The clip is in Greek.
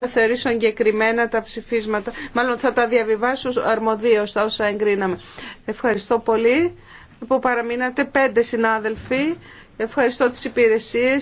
θα θεωρήσω εγκεκριμένα τα ψηφίσματα. Μάλλον θα τα διαβιβάσω αρμοδίω τα όσα εγκρίναμε. Ευχαριστώ πολύ που παραμείνατε πέντε συνάδελφοι. Ευχαριστώ τις υπηρεσίες.